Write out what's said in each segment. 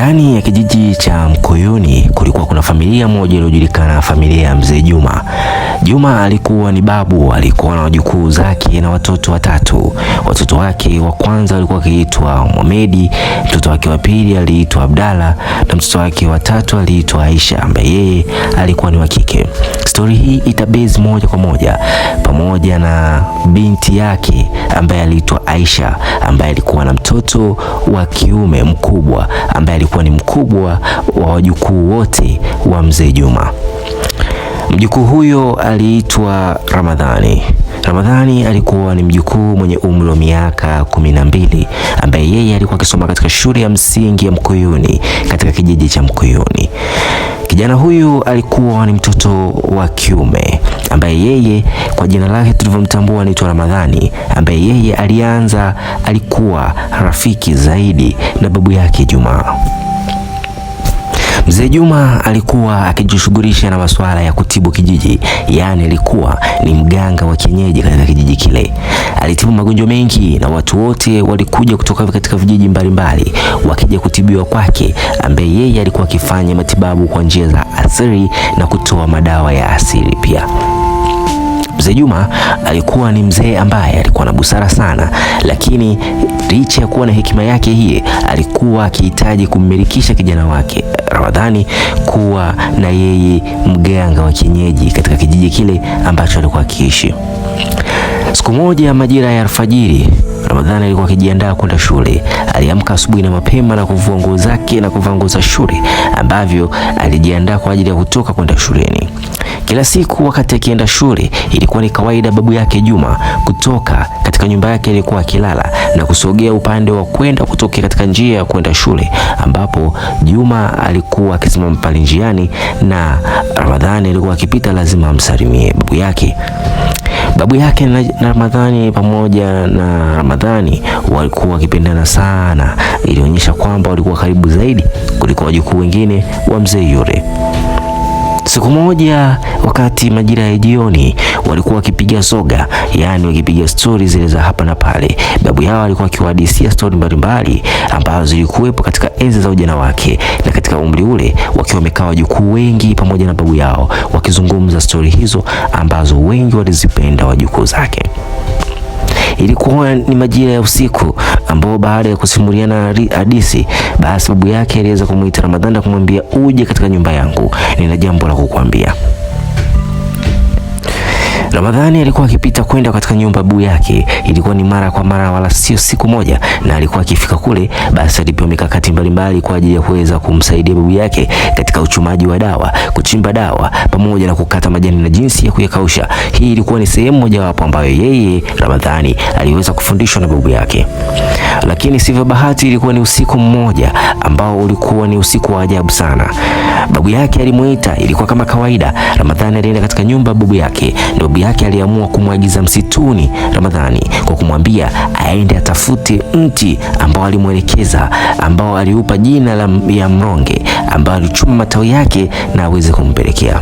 Ndani ya kijiji cha Mkuyuni kulikuwa kuna familia moja iliyojulikana familia ya Mzee Juma. Juma alikuwa ni babu, alikuwa na wajukuu zake na watoto watatu. Watoto wake wa kwanza walikuwa wakiitwa Mohamedi, mtoto wake wa pili aliitwa Abdalla na mtoto wake wa tatu aliitwa Aisha ambaye yeye alikuwa ni wa kike. Stori hii itabase moja kwa moja pamoja na binti yake ambaye aliitwa Aisha ambaye alikuwa na mtoto wa kiume mkubwa ambaye alikuwa ni mkubwa wa wajukuu wote wa mzee Juma. Mjukuu huyo aliitwa Ramadhani. Ramadhani alikuwa ni mjukuu mwenye umri wa miaka kumi na mbili ambaye yeye alikuwa akisoma katika shule ya msingi ya Mkuyuni katika kijiji cha Mkuyuni. Kijana huyu alikuwa ni mtoto wa kiume ambaye yeye kwa jina lake tulivyomtambua anaitwa Ramadhani, ambaye yeye alianza alikuwa rafiki zaidi na babu yake Juma. Mzee Juma alikuwa akijishughulisha na masuala ya kutibu kijiji, yaani alikuwa ni mganga wa kienyeji katika kijiji kile. Alitibu magonjwa mengi na watu wote walikuja kutoka katika vijiji mbalimbali wakija kutibiwa kwake, ambaye yeye alikuwa akifanya matibabu kwa njia za asili na kutoa madawa ya asili pia. Mzee Juma alikuwa ni mzee ambaye alikuwa na busara sana, lakini licha ya kuwa na hekima yake hii, alikuwa akihitaji kummilikisha kijana wake Ramadhani kuwa na yeye mganga wa kienyeji katika kijiji kile ambacho alikuwa akiishi. Siku moja majira ya alfajiri Ramadhani alikuwa akijiandaa kwenda shule. Aliamka asubuhi na mapema na kuvua nguo zake na kuvaa nguo za shule ambavyo alijiandaa kwa ajili ya kutoka kwenda shuleni. Kila siku wakati akienda shule, ilikuwa ni kawaida babu yake Juma kutoka katika nyumba yake ilikuwa akilala na kusogea upande wa kwenda kutokea katika njia ya kwenda shule, ambapo Juma alikuwa akisimama pale njiani na Ramadhani alikuwa akipita lazima amsalimie babu yake. Babu yake na Ramadhani pamoja na Ramadhani walikuwa wakipendana sana, ilionyesha kwamba walikuwa karibu zaidi kuliko wajukuu wengine wa mzee yule. Siku moja wakati majira ya jioni walikuwa wakipiga soga, yaani wakipiga stori zile za hapa na pale. Babu yao alikuwa akiwahadisia stori mbalimbali ambazo zilikuwepo katika enzi za ujana wake, na katika umri ule wakiwa wamekaa wajukuu wengi pamoja na babu yao wakizungumza stori hizo ambazo wengi walizipenda wajukuu zake. Ilikuwa ni majira ya usiku ambao baada ya kusimuliana hadithi, basi babu yake aliweza kumuita Ramadhani na kumwambia uje katika nyumba yangu, nina jambo la kukuambia. Ramadhani alikuwa akipita kwenda katika nyumba buu yake, ilikuwa ni mara kwa mara, wala sio siku moja, na alikuwa akifika kule, basi alipewa mikakati mbalimbali kwa ajili ya kuweza kumsaidia babu yake katika uchumaji wa dawa, kuchimba dawa pamoja na kukata majani na jinsi ya kuyakausha. Hii ilikuwa ni sehemu mojawapo ambayo yeye Ramadhani aliweza kufundishwa na babu yake. Lakini sivyo bahati, ilikuwa ni usiku mmoja ambao ulikuwa ni usiku wa ajabu sana. Babu yake alimuita, ilikuwa kama kawaida. Ramadhani alienda katika nyumba babu yake ndio yake aliamua kumwagiza msituni Ramadhani kwa kumwambia aende atafute mti ambao alimwelekeza, ambao aliupa jina la ya mronge, ambao alichuma matawi yake na aweze kumpelekea.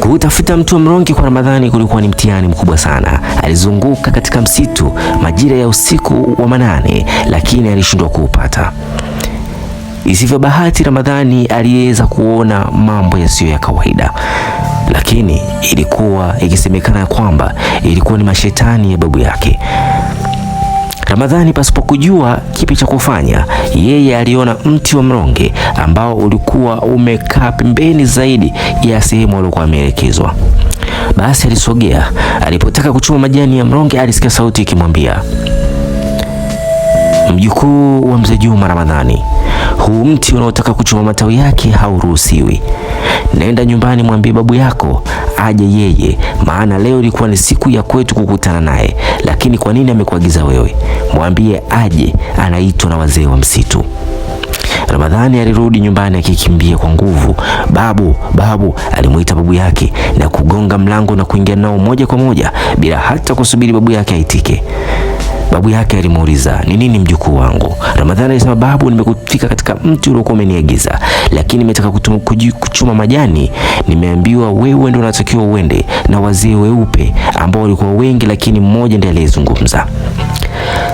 Kutafuta mti wa mronge kwa Ramadhani kulikuwa ni mtihani mkubwa sana. Alizunguka katika msitu majira ya usiku wa manane, lakini alishindwa kuupata. Isivyo bahati, Ramadhani aliweza kuona mambo yasiyo ya kawaida lakini ilikuwa ikisemekana kwamba ilikuwa ni mashetani ya babu yake. Ramadhani pasipo kujua kipi cha kufanya, yeye aliona mti wa mronge ambao ulikuwa umekaa pembeni zaidi ya sehemu aliyokuwa ameelekezwa. Basi alisogea. Alipotaka kuchuma majani ya mronge, alisikia sauti ikimwambia, mjukuu wa mzee Juma Ramadhani, huu mti unaotaka kuchuma matawi yake hauruhusiwi. Nenda nyumbani, mwambie babu yako aje yeye, maana leo ilikuwa ni siku ya kwetu kukutana naye, lakini kwa nini amekuagiza wewe? Mwambie aje, anaitwa na wazee wa msitu. Ramadhani alirudi nyumbani akikimbia kwa nguvu. Babu, babu, alimuita babu yake na kugonga mlango na kuingia nao moja kwa moja bila hata kusubiri babu yake aitike. Babu yake alimuuliza ni nini mjukuu wangu. Ramadhani alisema babu, nimekufika katika mti uliokuwa umeniagiza, lakini nimetaka kuchuma majani. Nimeambiwa wewe ndio unatakiwa uende na wazee weupe ambao walikuwa wengi, lakini mmoja ndiye aliyezungumza.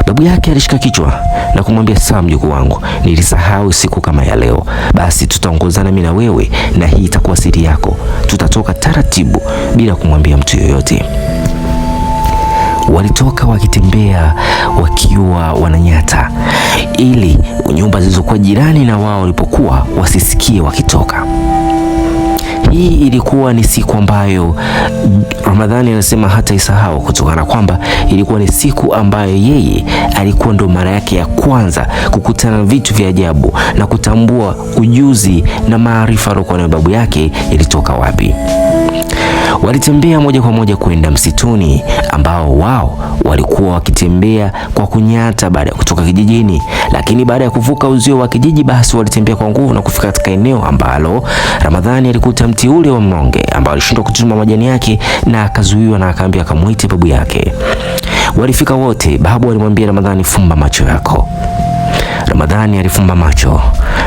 Babu yake alishika kichwa na kumwambia sawa, mjukuu wangu, nilisahau siku kama ya leo. Basi tutaongozana mimi na wewe, na hii itakuwa siri yako. Tutatoka taratibu bila kumwambia mtu yoyote walitoka wakitembea wakiwa wananyata, ili nyumba zilizokuwa jirani na wao walipokuwa wasisikie wakitoka. Hii ilikuwa ni siku ambayo Ramadhani anasema hata isahau kutokana kwamba ilikuwa ni siku ambayo yeye alikuwa ndo mara yake ya kwanza kukutana na vitu vya ajabu na kutambua ujuzi na maarifa aliyokuwa nayo babu yake ilitoka wapi. Walitembea moja kwa moja kwenda msituni ambao wao walikuwa wakitembea kwa kunyata baada ya kutoka kijijini, lakini baada ya kuvuka uzio wa kijiji, basi walitembea kwa nguvu na kufika katika eneo ambalo Ramadhani alikuta mti ule wa mnonge ambao alishindwa kuchuma majani yake na akazuiwa, na akaambia, akamwite babu yake. Walifika wote, babu alimwambia Ramadhani, fumba macho yako. Ramadhani alifumba macho,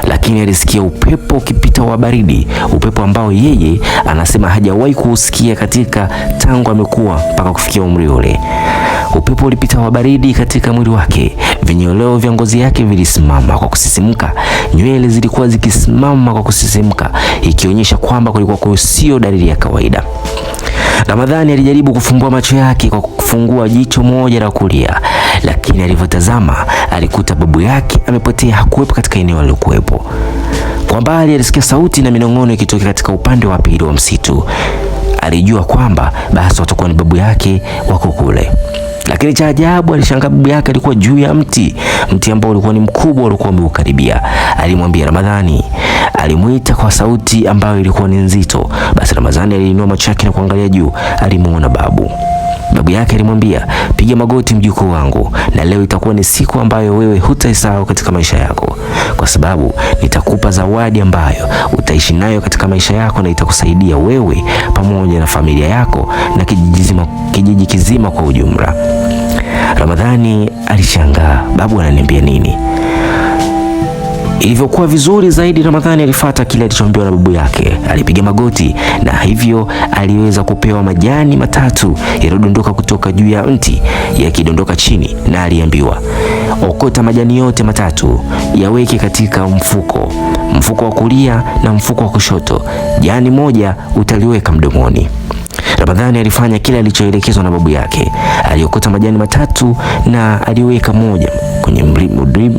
lakini alisikia upepo ukipita wa baridi, upepo ambao yeye anasema hajawahi kuusikia katika tangu amekuwa mpaka kufikia umri ule. Upepo ulipita wa baridi katika mwili wake, vinyoleo vya ngozi yake vilisimama kwa kusisimka, nywele zilikuwa zikisimama kwa kusisimka, ikionyesha kwamba kulikuwa sio dalili ya kawaida. Ramadhani alijaribu kufumbua macho yake kwa kufungua jicho moja la kulia, lakini alivyotazama alikuta babu yake amepotea, hakuwepo katika eneo alilokuwepo. Kwa mbali alisikia sauti na minong'ono ikitokea katika upande wa pili wa msitu. Alijua kwamba basi watakuwa ni babu yake wako kule, lakini cha ajabu alishangaa, babu yake alikuwa juu ya mti, mti ambao ulikuwa ni mkubwa, ulikuwa umeukaribia. Alimwambia Ramadhani, alimwita kwa sauti ambayo ilikuwa ni nzito. Basi Ramadhani aliinua macho yake na kuangalia juu, alimuona babu. Babu yake alimwambia, Piga magoti mjukuu wangu, na leo itakuwa ni siku ambayo wewe hutaisahau katika maisha yako, kwa sababu nitakupa zawadi ambayo utaishi nayo katika maisha yako na itakusaidia wewe pamoja na familia yako na kijijizima, kijiji kizima kwa ujumla. Ramadhani alishangaa, babu ananiambia nini? Ilivyokuwa vizuri zaidi, Ramadhani alifuata kile alichoambiwa na babu yake. Alipiga magoti na hivyo aliweza kupewa majani matatu yaliyodondoka kutoka juu ya mti yakidondoka chini, na aliambiwa okota majani yote matatu yaweke katika mfuko, mfuko wa kulia na mfuko wa kushoto, jani moja utaliweka mdomoni. Ramadhani alifanya kile alichoelekezwa na babu yake. Aliokota majani matatu na aliweka moja kwenye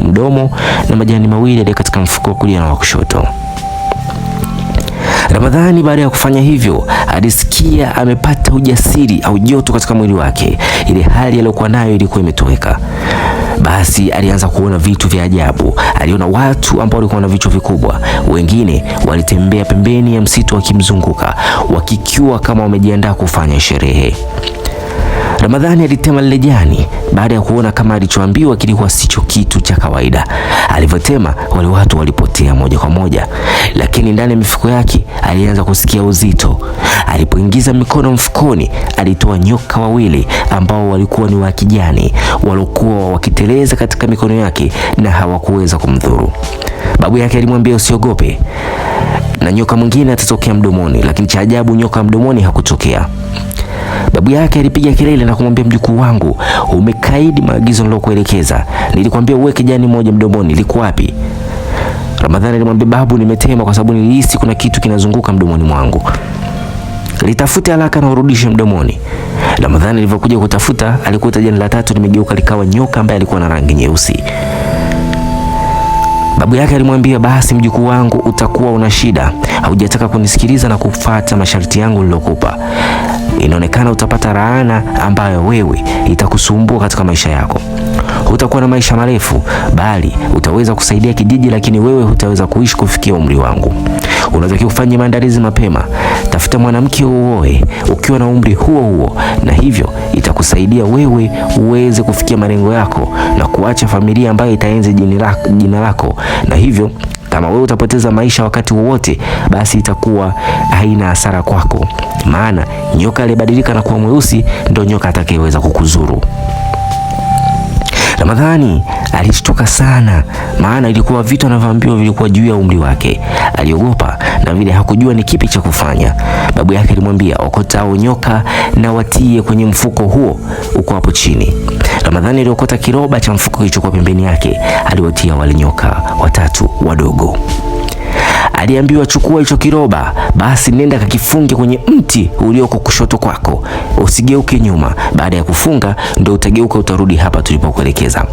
mdomo na majani mawili yaliyo katika mfuko wa kulia na wa kushoto. Ramadhani baada ya kufanya hivyo alisikia amepata ujasiri au joto katika mwili wake. Ile hali aliyokuwa nayo ilikuwa imetoweka basi alianza kuona vitu vya ajabu. Aliona watu ambao walikuwa na vichwa vikubwa, wengine walitembea pembeni ya msitu wakimzunguka, wakikiwa kama wamejiandaa kufanya sherehe. Ramadhani alitema lile jani baada ya kuona kama alichoambiwa kilikuwa sicho kitu cha kawaida. Alivyotema wale watu walipotea moja kwa moja, lakini ndani ya mifuko yake alianza kusikia uzito. Alipoingiza mikono mfukoni, alitoa nyoka wawili ambao walikuwa ni wa kijani, waliokuwa wakiteleza katika mikono yake na hawakuweza kumdhuru. Babu yake alimwambia usiogope, na nyoka mwingine atatokea mdomoni, lakini cha ajabu, nyoka mdomoni hakutokea. Babu yake alipiga kelele na kumwambia, mjukuu wangu, umekaidi maagizo nilokuelekeza. Nilikwambia uweke jani moja mdomoni, liko wapi? Ramadhani alimwambia babu, nimetema kwa sababu nilihisi kuna kitu kinazunguka mdomoni mwangu. Litafute haraka na urudishe mdomoni. Ramadhani alivyokuja kutafuta, alikuta jani la tatu limegeuka likawa nyoka ambaye alikuwa na rangi nyeusi. Babu yake alimwambia, basi mjukuu wangu, utakuwa una shida, haujataka kunisikiliza na kufuata masharti yangu nilokupa inaonekana utapata laana ambayo wewe itakusumbua katika maisha yako. Hutakuwa na maisha marefu, bali utaweza kusaidia kijiji, lakini wewe hutaweza kuishi kufikia umri wangu. Unatakiwa kufanya maandalizi mapema. Tafuta mwanamke uoe ukiwa na umri huo huo, na hivyo itakusaidia wewe uweze kufikia malengo yako na kuacha familia ambayo itaenzi jina lako, na hivyo kama wewe utapoteza maisha wakati wowote, basi itakuwa haina hasara kwako, maana nyoka aliyebadilika na kuwa mweusi ndio nyoka atakayeweza kukuzuru. Ramadhani alishtuka sana, maana ilikuwa vitu anavyoambiwa vilikuwa juu ya umri wake. Aliogopa na vile hakujua ni kipi cha kufanya. Babu yake alimwambia, okota au nyoka na watie kwenye mfuko huo uko hapo chini. Ramadhani aliokota kiroba cha mfuko kilichokuwa pembeni yake, aliwatia wale nyoka watatu wadogo aliambiwa, chukua hicho kiroba, basi nenda kakifunge kwenye mti ulioko kushoto kwako, usigeuke nyuma. Baada ya kufunga ndio utageuka, utarudi hapa tulipokuelekeza.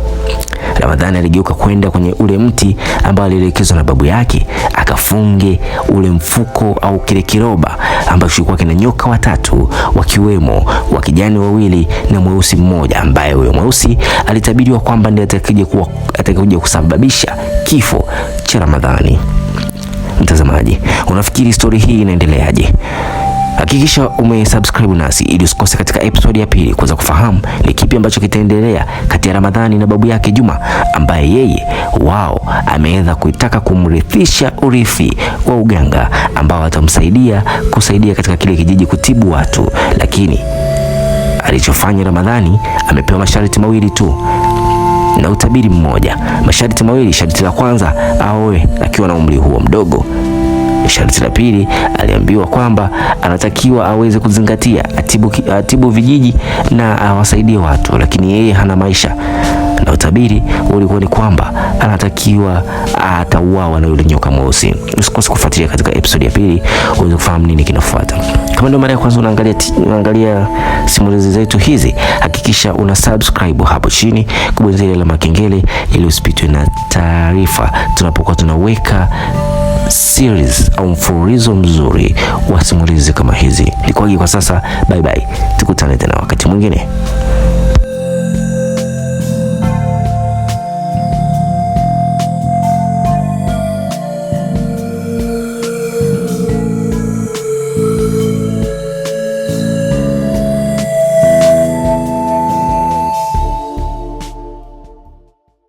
Ramadhani aligeuka kwenda kwenye ule mti ambao alielekezwa na babu yake, akafunge ule mfuko au kile kiroba ambacho kilikuwa kina nyoka watatu, wakiwemo wa kijani wawili na mweusi mmoja, ambaye huyo mweusi alitabiriwa kwamba ndiye atakayekuja kusababisha kifo cha Ramadhani. Mtazamaji, unafikiri stori hii inaendeleaje? Hakikisha umesubscribe nasi ili usikose katika episodi ya pili kuweza kufahamu ni kipi ambacho kitaendelea kati ya Ramadhani na babu yake Juma ambaye yeye wao ameweza kuitaka kumrithisha urithi wa uganga ambao atamsaidia kusaidia katika kile kijiji kutibu watu, lakini alichofanya Ramadhani amepewa masharti mawili tu na utabiri mmoja, masharti mawili. Sharti la kwanza, aoe akiwa na umri huo mdogo. Sharti la pili, aliambiwa kwamba anatakiwa aweze kuzingatia, atibu, atibu vijiji na awasaidie watu, lakini yeye hana maisha utabiri ulikuwa ni kwamba anatakiwa atauawa na yule nyoka mweusi. Usikose kufuatilia katika episode ya pili uweze kufahamu nini kinafuata. Kama ndio mara ya kwanza unaangalia unaangalia simulizi zetu hizi, hakikisha una subscribe hapo chini, kubonyeza ile alama kengele ili usipitwe na taarifa tunapokuwa tunaweka series au mfululizo mzuri wa simulizi kama hizi. Nikwagi kwa sasa, bye bye, tukutane tena wakati mwingine.